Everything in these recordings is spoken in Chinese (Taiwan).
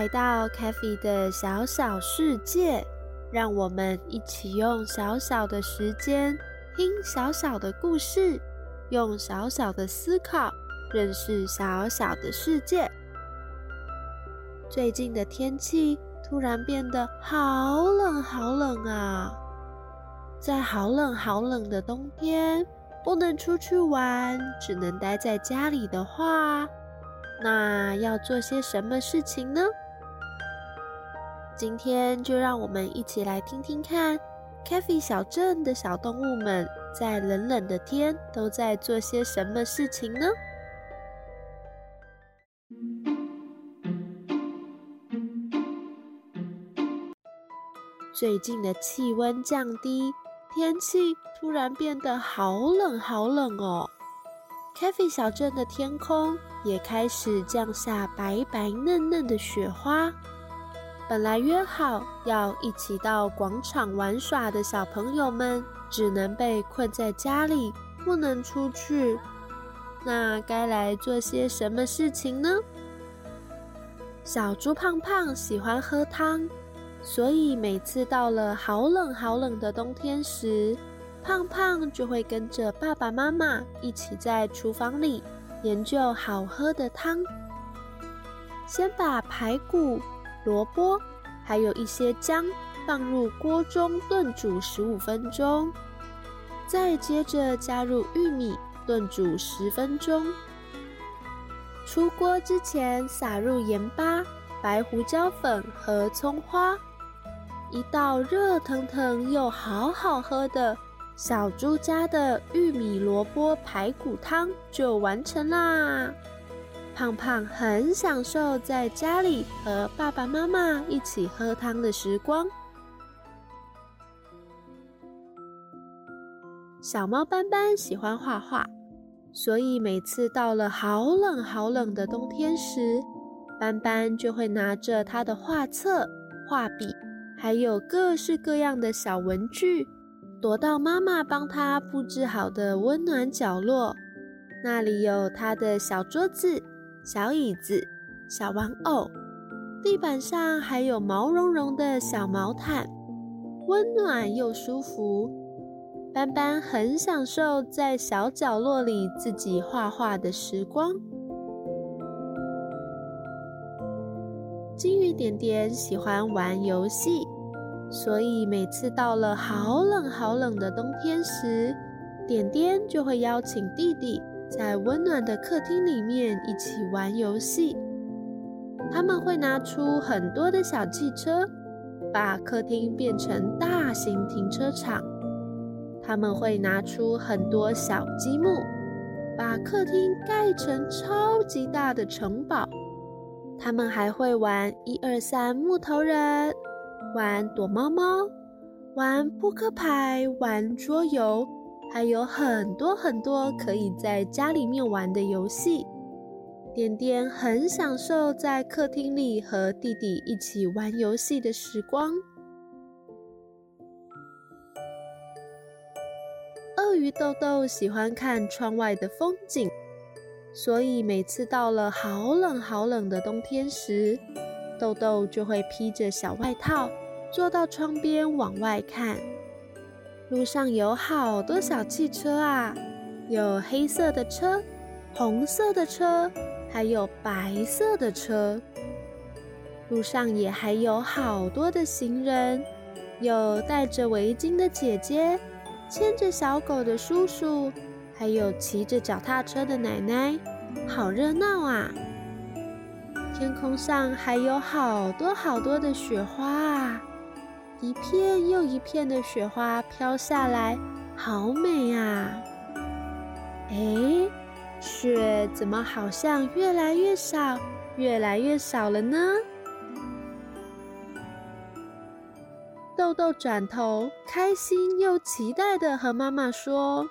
來到 cafi 的小小世界，讓我們一起用小小的時間聽小小的故事，用小小的思考認識小小的世界。最近的天氣突然變得好冷好冷啊！在好冷好冷的冬天，不能出去玩，只能待在家裡的話，那要做些什麼事情呢？今天就讓我們一起來聽聽看 cafi 小鎮的小動物們在冷冷的天都在做些什麼事情呢？最近的氣溫降低，天氣突然變得好冷好冷哦。cafi 小鎮的天空也開始降下白白嫩嫩的雪花。本來約好要一起到廣場玩耍的小朋友們，只能被困在家裡，不能出去。那該來做些什麼事情呢？小豬胖胖喜歡喝湯，所以每次到了好冷好冷的冬天時，胖胖就會跟着爸爸媽媽一起在廚房裡研究好喝的湯。先把排骨、蘿蔔……還有一些薑，放入鍋中燉煮十五分鐘，再接着加入玉米，燉煮十分鐘。出鍋之前撒入鹽巴、白胡椒粉和蔥花，一道熱騰騰又好好喝的小豬家的玉米蘿蔔排骨湯就完成啦。胖胖很享受在家裡和爸爸媽媽一起喝湯的時光。小貓斑斑喜歡畫畫，所以每次到了好冷好冷的冬天時，斑斑就會拿着他的畫冊、畫筆，還有各式各樣的小文具，躲到媽媽幫他佈置好的溫暖角落。那裡有他的小桌子。小椅子、小玩偶，地板上還有毛茸茸的小毛毯，溫暖又舒服。斑斑很享受在小角落裡自己畫畫的時光。金魚點點喜歡玩遊戲，所以每次到了好冷好冷的冬天時，點點就會邀請弟弟。在溫暖的客廳裡面一起玩遊戲，他們會拿出很多的小汽車，把客廳變成大型停車場；他們會拿出很多小積木，把客廳蓋成超級大的城堡；他們還會玩一二三木頭人，玩躲貓貓，玩撲克牌，玩桌遊。還有很多很多可以在家裡面玩的遊戲，點點很享受在客廳裡和弟弟一起玩遊戲的時光。鱷魚豆豆喜歡看窗外的風景，所以每次到了好冷好冷的冬天時，豆豆就會披着小外套，坐到窗邊往外看。路上有好多小汽車啊，有黑色的車，紅色的車，還有白色的車。路上也還有好多的行人，有戴着圍巾的姐姐，牽着小狗的叔叔，還有騎着腳踏車的奶奶，好熱鬧啊！天空上還有好多好多的雪花啊！一片又一片的雪花飄下來，好美啊！哎，雪怎麼好像越來越少，越來越少了呢？豆豆轉頭，開心又期待地和媽媽說：“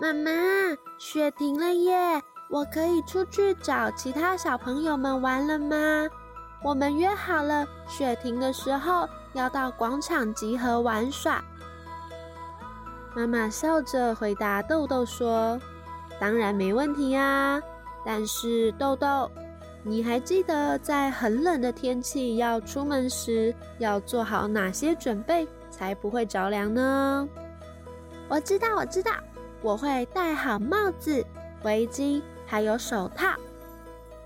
媽媽，雪停了耶！我可以出去找其他小朋友們玩了嗎？我們約好了，雪停的時候。”要到廣場集合玩耍。媽媽笑着回答豆豆說：“當然沒問題啊，但是豆豆，你還記得在很冷的天氣要出門時，要做好哪些準備，才不會着涼呢？”我知道，我知道，我會戴好帽子、圍巾，還有手套，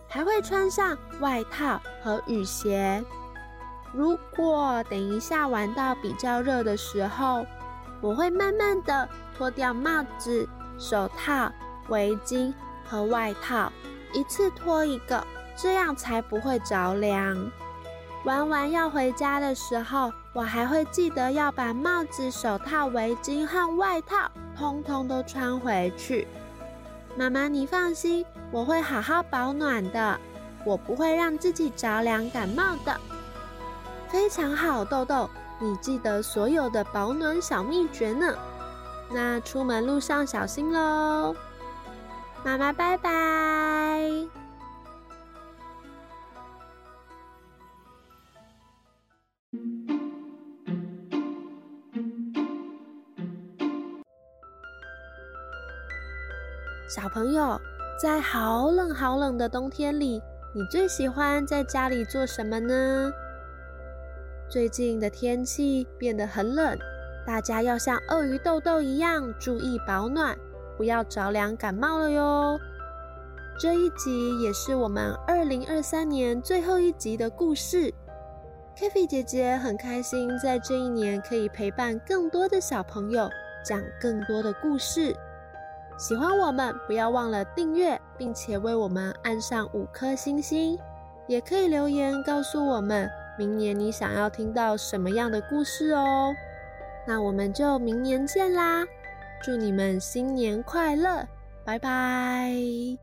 還會穿上外套和雨鞋。如果等一下玩到比較熱的時候，我會慢慢的脫掉帽子、手套、圍巾和外套，一次脫一個，這樣才不會着涼。玩完要回家的時候，我還會記得要把帽子、手套、圍巾和外套通通都穿回去。媽媽，你放心，我會好好保暖的，我不會讓自己着涼感冒的。非常好，豆豆，你記得所有的保暖小秘訣呢。那出門路上小心嘍。媽媽拜拜。小朋友，在好冷好冷的冬天裡，你最喜歡在家裡做什麼呢？最近的天氣變得很冷，大家要像鱷魚豆豆一樣注意保暖，不要着涼感冒了喲。這一集也是我們二零二三年最後一集的故事。cafi 姐姐很開心，在這一年可以陪伴更多的小朋友，講更多的故事。喜歡我們，不要忘了訂閱，並且為我們按上五顆星星，也可以留言告訴我們。明年你想要聽到什麼樣的故事哦？那我們就明年見啦！祝你們新年快樂，拜拜。